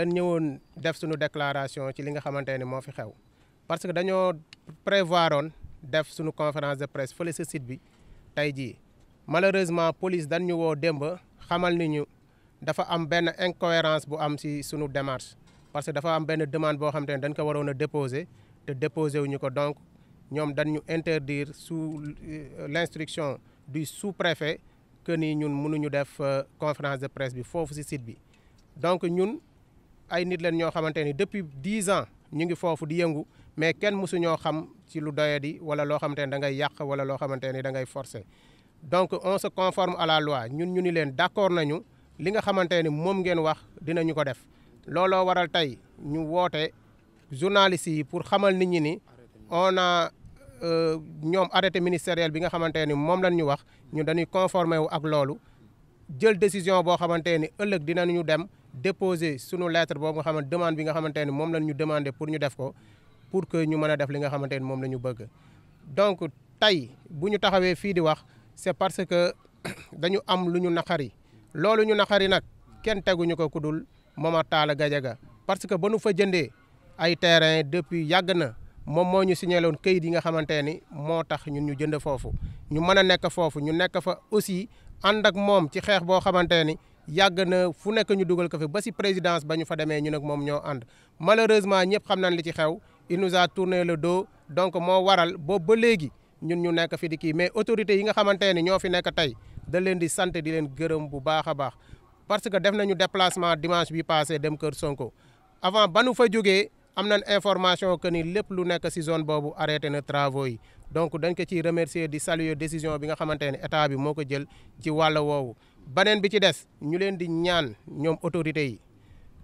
dañ ñëwoon def suñu déclaration ci li nga xamante ne moo fi xew parce que dañoo prévoir oon def suñu conférence de presse fële sa site bi tey jii malheureusement police dañ ñu woo démb xamal ni ñu dafa am benn incohérence bu am si suñu démarche parce que dafa am benn demande boo xam te ne dañ ko waroon a déposer te déposé wuñu ko donc ñoom dañ ñu interdire sous euh, l'instruction du sous-préfet que ni ñun mënuñu def euh, conférence de presse bi foofu si site bi donc ay nit leen ñoo xamante ni depuis dix ans ñu ngi foofu di yëngu mais kenn mësu ñoo xam ci lu doyadi wala loo xamante ni da yàq wala loo xamante ni da ngay forcer donc on se conforme à la loi ñun ñu ni leen d'accord nañu li nga xamante ni moom ngeen wax dinañu ko def looloo waral tey ñu woote journalistes yi pour xamal ni ñi ni on a euh, ñoom arrêté ministériel bi nga xamante ni moom lañ ñu wax ñun dañuy conformer wu ak loolu jël décision boo xamante ni ëllëg ñu dem déposer sunu lettre boobu nga xamante demande bi nga xamante ni moom la ñu demander pour ñu def ko pour que ñu mën a def li nga xamante ni moom la bëgga donc tey bu ñu taxawee fii di wax c'est parce que dañu am lu ñu naxari loolu ñu naxari nag kenn teguñu ko ku dul Momar Talla Gadiaga parce que ba nu fa jëndee ay terrain depuis yàgg na moom moo ñu signalé woon kayit yi nga xamante ni moo tax ñun ñu jënd foofu ñu mën a nekk foofu ñu nekk fa aussi ànd ak moom ci xeex boo xamante ni yàgg na fu nekk ñu dugal ko fi ba si présidence ba ñu fa demee ñu nag moom ñoo ànd malheureusement ñëpp xam nañ li ci xew il nous a tourné le dos donc moo waral boobu ba léegi ñun ñu nekk fi di kii mais autorités yi nga xamante ni ñoo fi nekk tey da leen di sant di leen gërëm bu baax a baax parce que def nañu déplacement dimanche bi passé dem Kër Sonko avant ba fa jógee am nañ information que ni lépp lu nekk ci zone boobu arrêté na travaux yi donc dañ ko ciy remercier di saluer décision bi nga xamante ne état bi moo ko jël ci wàll woowu. beneen bi ci des ñu leen di ñaan ñoom autorités yi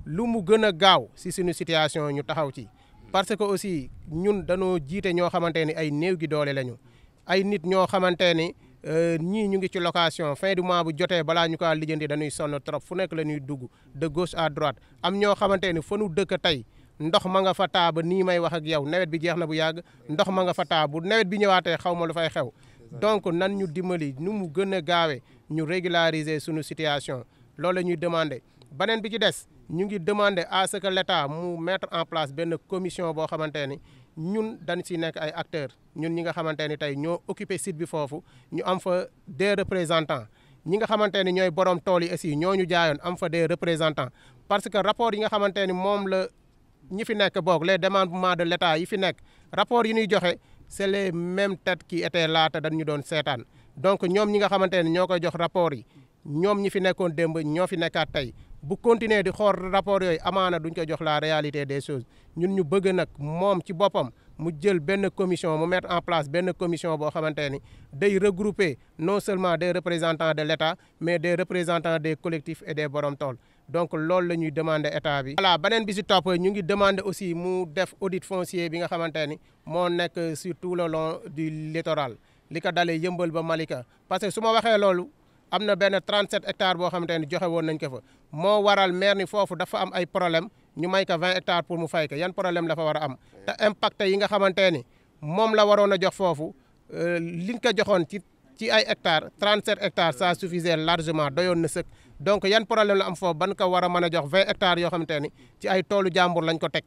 lu mu gën a gaaw si suñu situation ñu taxaw ci parce que aussi ñun dañoo jiite ñoo xamante ni ay néew gi doole lañu ay nit ñoo xamante ni euh, ñii ñu ngi ci location fin du mois bu jotee balaa ñu kaa lijjanti dañuy sonn trop fu nekk la ñuy dugg de à droite am ñoo xamante ni fa dëkk tey. ndox ma nga fa taa ba nii may wax ak yow nawet bi jeex na bu yàgg ndox ma nga fa taa bu nawet bi ñëwaatee xaw ma lu fay xew donc nan ñu dimbali nu mu gën a gaawee ñu régulariser suñu situation loolu la ñuy demander beneen bi ci des ñu ngi demander à ce que l'État mu mettre en place benn commission boo xamante ni ñun dañ si nekk ay acteurs ñun ñi nga xamante ni tey ñoo occupé site bi foofu ñu am fa des représentants ñi nga xamante ni ñooy borom tool yi aussi ñoo ñu jaayoon am fa des représentants parce que rapport yi nga xamante ni moom la. ñi fi nekk boog les démembrements de l' yi fi nekk rapport yi ñuy joxe c' est les mêmes têtes qui étaient là te dañu doon seetaan donc ñoom ñi nga xamante ne ñoo koy jox rapport yi ñoom ñi fi nekkoon démb ñoo fi nekkaat tey bu continuer di xool rapport yooyu amaana duñ ko jox la réalité des choses ñun ñu bëgg nag moom ci boppam mu jël benn commission mu mettre en place benn commission boo xamante ni day regrouper non seulement des représentant de l' mais des représentants des collectifs des borom tool donc loolu la ñuy demander état bi. voilà beneen bi si topp ñu ngi demander aussi mu def audit foncier bi nga xamante ni moo nekk sur le long du littoral li ko dalee yëmbal ba Malika parce que su ma waxee loolu am na benn 37 hectares boo xamante ni joxe woon nañ ko fa moo waral maire ni foofu dafa am ay problème ñu may ko 20 hectares pour mu fay ko yan problème la war a am. te impacté yi nga xamante ni moom la waroon a jox foofu euh, liñ ko joxoon ci ci ay hectares 37 hectares ça suffisait largement doyoon na sëkk. donc yan problème la am foofu ban ko war a mën a jox vingt hectares yoo xamante ni ci ay toolu jàmbur lañ ko teg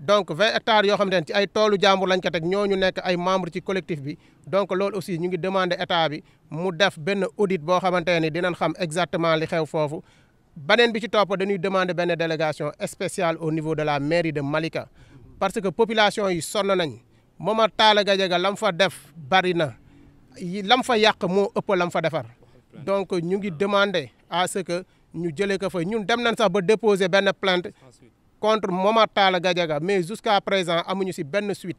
donc vingt hectares yoo xamante ne ci ay toolu jàmbur lañ ko teg ñooñu nekk ay membre ci collectif bi donc loolu aussi ñu ngi demander état bi mu def benn audit boo xamante ni dinañ xam exactement li xew foofu beneen bi ci topp dañuy demander benn délégation spéciale au niveau de la mairie de Malika parce que population yi sonn nañ mooma taala gajaga lam fa def bari na lam fa yàq moo ëpp lam fa defar donc ñu ngi demander à ce que ñu jëlee ko fa ñun dem nañ sax ba déposer benn plainte contre Momar Talla Gadiaga mais jusqu'à présent amuñu si benn suite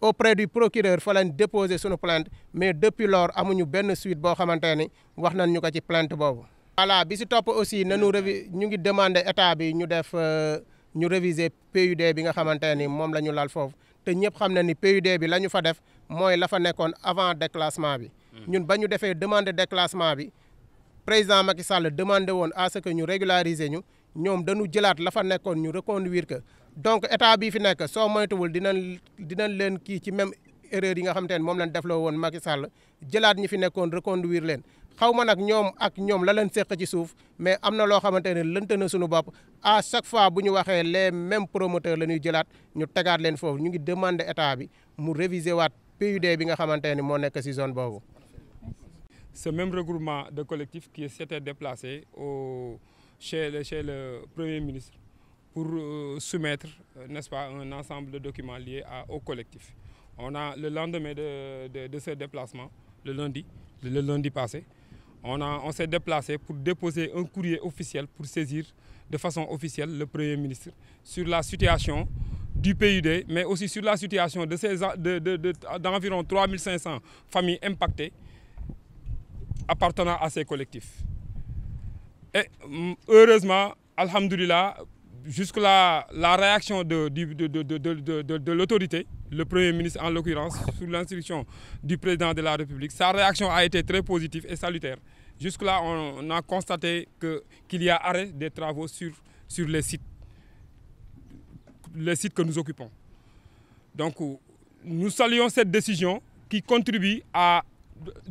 auprès du procureur fa lañ déposer suñu plainte mais depuis lors amuñu benn suite boo xamante ni wax nañ ñu ko ci plainte boobu. voilà bi ci topp aussi nañu revi ñu ngi demander état bi ñu def euh, ñu réviser PUD bi nga xamante ni moom la ñu lal foofu te ñëpp xam na ni PUD bi la ñu fa def mooy la fa nekkoon avant déclassement bi. ñun ba ñu defee demande déclassement bi président Macky Sall demandé woon à ce que ñu régulariser ñu ñoom dañu jëlaat la fa nekkoon ñu reconduire que donc état bii fi nekk soo moytuwul dinañ dinañ leen kii ci même erreur yi nga xam te ne moom lañ defloo woon Macky Sall jëlaat ñu fi nekkoon reconduire leen xaw ma nag ñoom ak ñoom la leen seq ci suuf mais am na loo xamante ne lënt na suñu bopp à chaque fois bu ñu waxee les mêmes promoteur la ñuy jëlaat ñu tegaat leen foofu ñu ngi demander état bi mu réviser waat PUD bi nga xamante ne moo nekk si zone boobu. ce même regroupement de collectifs qui s'était déplacé au, chez, le, chez le Premier ministre pour euh, soumettre, euh, n'est-ce pas, un ensemble de documents liés à, au collectif. On a le lendemain de, de, de ce déplacement, le lundi, le, le lundi passé, on, a, on s'est déplacé pour déposer un courrier officiel pour saisir de façon officielle le Premier ministre sur la situation du de mais aussi sur la situation d'environ de, de, de, de 3500 familles impactées appartenant à ces collectifs. Et mm, heureusement, Alhamdulillah, jusque-là, la réaction de, de, de, de, de l'autorité, le Premier ministre en l'occurrence, sous l'instruction du Président de la République, sa réaction a été très positive et salutaire. Jusque-là, on, on, a constaté qu'il y a arrêt des travaux sur, sur les sites, les sites que nous occupons. Donc, nous saluons cette décision qui contribue à,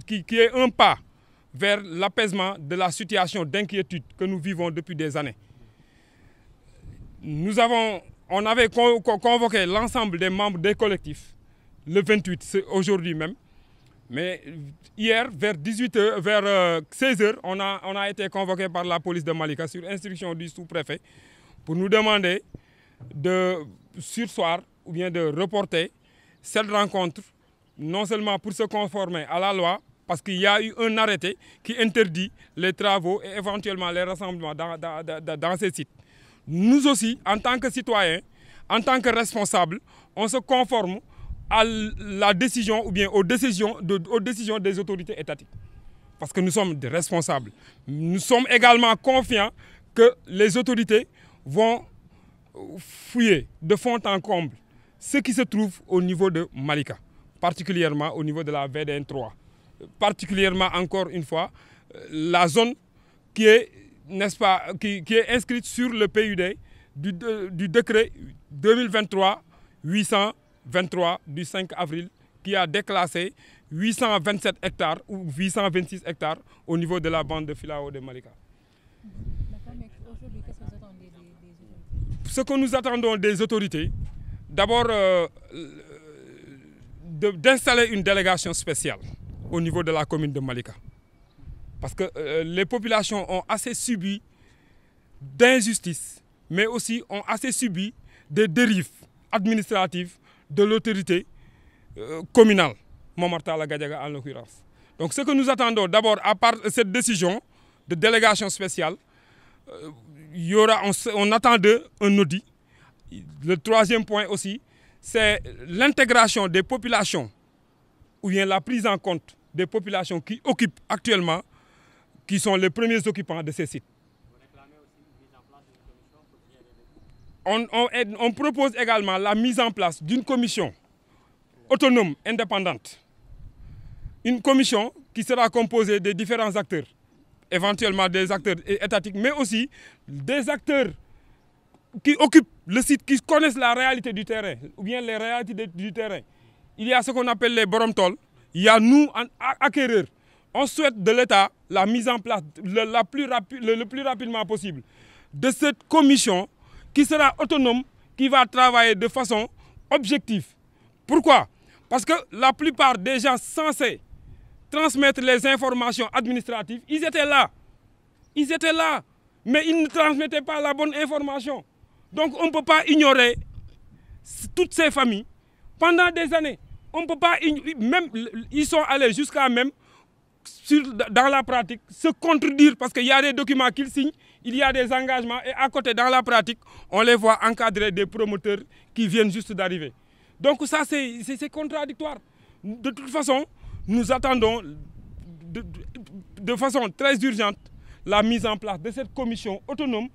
qui, qui est un pas vers l'apaisement de la situation d'inquiétude que nous vivons depuis des années. Nous avons, on avait convoqué l'ensemble des membres des collectifs le 28, c'est aujourd'hui même. Mais hier, vers 18h, vers 16h, euh, on on a été convoqué par la police de Malika sur instruction du sous pour nous demander de sursoir ou bien de reporter cette rencontre, non seulement pour se à la loi, parce qu'il y a eu un arrêté qui interdit les travaux et éventuellement les rassemblements dans, dans, dans, dans ces sites. Nous aussi, en tant que citoyens, en tant que responsables, on se conforme à la décision ou bien aux décisions, de, aux décisions des autorités étatiques. Parce que nous sommes des responsables. Nous sommes également confiants que les autorités vont fouiller de fond en comble ce qui se trouve au niveau de Malika, particulièrement au niveau de la VDN 3. particulièrement encore une fois euh, la zone qui est n'est-ce pas qui qui est inscrite sur le PUD du du décret 2023 823 du 5 avril qui a déclassé 827 hectares ou 826 hectares au niveau de la bande de Filao de Malika. Ce que nous attendons des autorités, d'abord euh, d'installer une délégation spéciale au niveau de la commune de Malika. Parce que euh, les populations ont assez subi d'injustices, mais aussi ont assez subi des dérives administratives de l'autorité euh, communale, Mamartala Gadiaga en l'occurrence. Donc ce que nous attendons d'abord, à part cette décision de délégation spéciale, euh, y aura, on, on attend d'eux un audit. Le troisième point aussi, c'est l'intégration des populations ou bien la prise en compte des populations qui occupent actuellement, qui sont les premiers occupants de ces sites. On, on, on propose également la mise en place d'une commission autonome, indépendante. Une commission qui sera composée des différents acteurs, éventuellement des acteurs étatiques, mais aussi des acteurs qui occupent le site, qui connaissent la réalité du terrain, ou bien les réalités du terrain. il y a ce qu'on appelle les borom tool y a nous en acquéreurs on souhaite de l'État la mise en place le, la plus rapide le, le plus rapidement possible de cette commission qui sera autonome qui va travailler de façon objective pourquoi parce que la plupart des gens censés transmettre les informations administratives ils étaient là ils étaient là mais ils ne transmettaient pas la bonne information donc on ne peut pas ignorer toutes ces familles pendant des années on peut pas même ils sont allés jusqu'à même sur dans la pratique se contredire parce que y a des documents qu'ils signent il y a des engagements et à côté dans la pratique on les voit encadrer des promoteurs qui viennent juste d'arriver donc ça c'est c'est contradictoire de toute façon nous attendons de, de façon très urgente la mise en place de cette commission autonome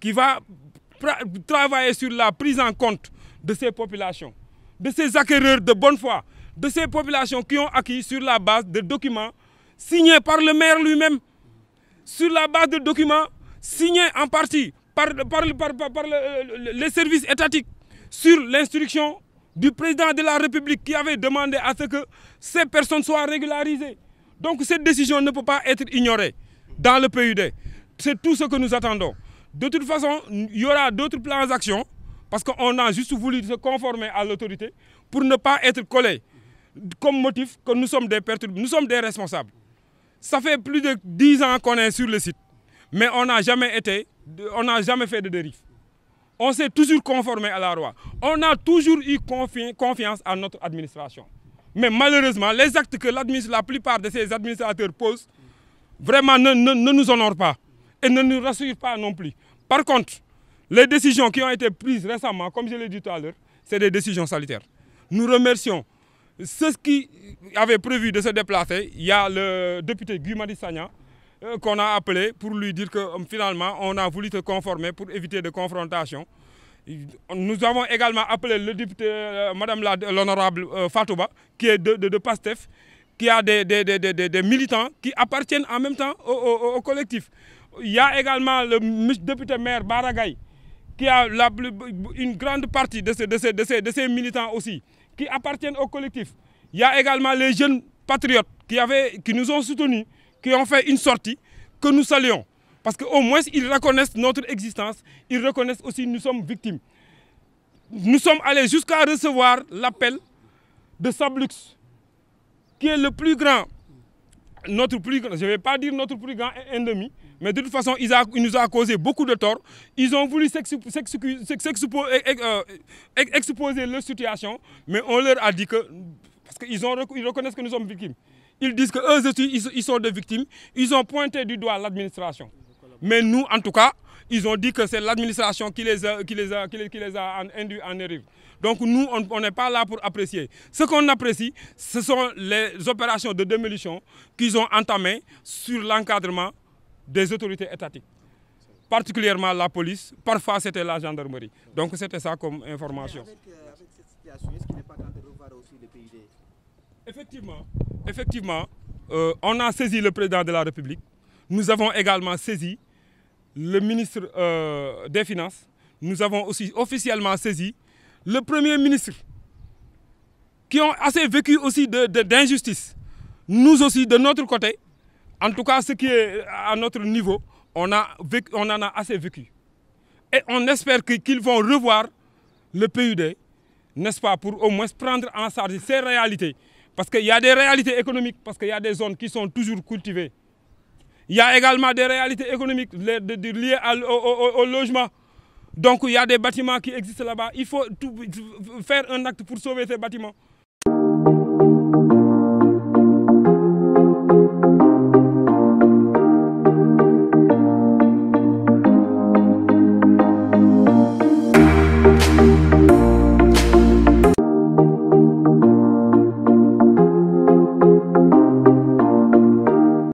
qui va travailler sur la prise en compte de ces populations de ces acquéreurs de bonne foi, de ces populations qui ont acquis sur la base de documents signés par le maire lui-même, sur la base de documents signés en partie par, par, par, par le, service services étatiques, sur l'instruction du président de la République qui avait demandé à ce que ces personnes soient régularisées. Donc cette décision ne peut pas être ignorée dans le PUD. C'est tout ce que nous attendons. De toute façon, il y aura d'autres plans d'actions parce qu'on a juste voulu se conformer à l'autorité pour ne pas être collés comme motif que nous sommes des perturbés, nous sommes des responsables. Ça fait plus de dix ans qu'on sur le site, mais on n'a jamais été, on n'a jamais fait de dérive. On s'est toujours conformé à la loi. On a toujours eu confi confiance à notre administration. Mais malheureusement, les actes que la plupart de ces administrateurs posent, vraiment ne, ne, ne nous honorent pas et ne nous rassurent pas non plus. Les décisions qui ont été prises récemment, comme je l'ai dit tout à l'heure, c'est des décisions sanitaires. Nous remercions ceux qui avaient prévu de se déplacer. Il y a le député Guy Sagna euh, qu'on a appelé pour lui dire que euh, finalement on a voulu se conformer pour éviter de confrontation. Nous avons également appelé le député euh, Madame l'honorable euh, Fatouba qui est de, de, de PASTEF, qui a des, des, des, des, militants qui appartiennent en même temps au, au, au collectif. Il y a également maire Baragay qui la la, une grande partie de ces, de, ces, de, ces, militants aussi, qui appartiennent au collectif. ya y également les jeunes patriotes qui, avaient, qui nous ont soutenus, qui ont fait une sortie que nous saluons. Parce qu'au moins, ils reconnaissent notre existence, ils reconnaissent aussi que nous sommes victimes. Nous sommes allés jusqu'à recevoir l'appel de Sablux, qui est le plus grand, notre plus grand, je ne vais Mais de toute façon, ils, a, ils nous ont causé beaucoup de tort. Ils ont voulu euh, exposer leur situation, mais on leur a dit que... Parce qu'ils reconnaissent que nous sommes victimes. Ils disent qu'eux aussi, ils sont des victimes. Ils ont pointé du doigt l'administration. Mais nous, en tout cas, ils ont dit que c'est l'administration qui les a, qui les a, qui en dérive. Donc nous, on n'est pas là pour apprécier. Ce qu'on apprécie, ce sont les opérations de démolition qu'ils ont entamées sur des autorités étatiques particulièrement la police parfois c'était la gendarmerie donc c'était ça comme information Mais euh, aussi le PID effectivement effectivement euh, on a saisi le président de la République nous avons également saisi le ministre euh, des Finances nous avons aussi officiellement saisi le Premier ministre qui ont assez vécu aussi de d'injustice nous aussi de notre côté En tout cas, ce qui est à notre niveau, on, a vécu, on en a assez vécu. Et on espère qu'ils vont revoir le PUD, n'est-ce pas, pour au moins prendre en charge ces réalités. Parce que y a des réalités économiques, parce que y a des zones qui sont toujours cultivées. Il y a également des réalités économiques liées au, logement. Donc il y a des bâtiments qui existent là-bas. Il faut tout, faire un acte pour sauver ces bâtiments.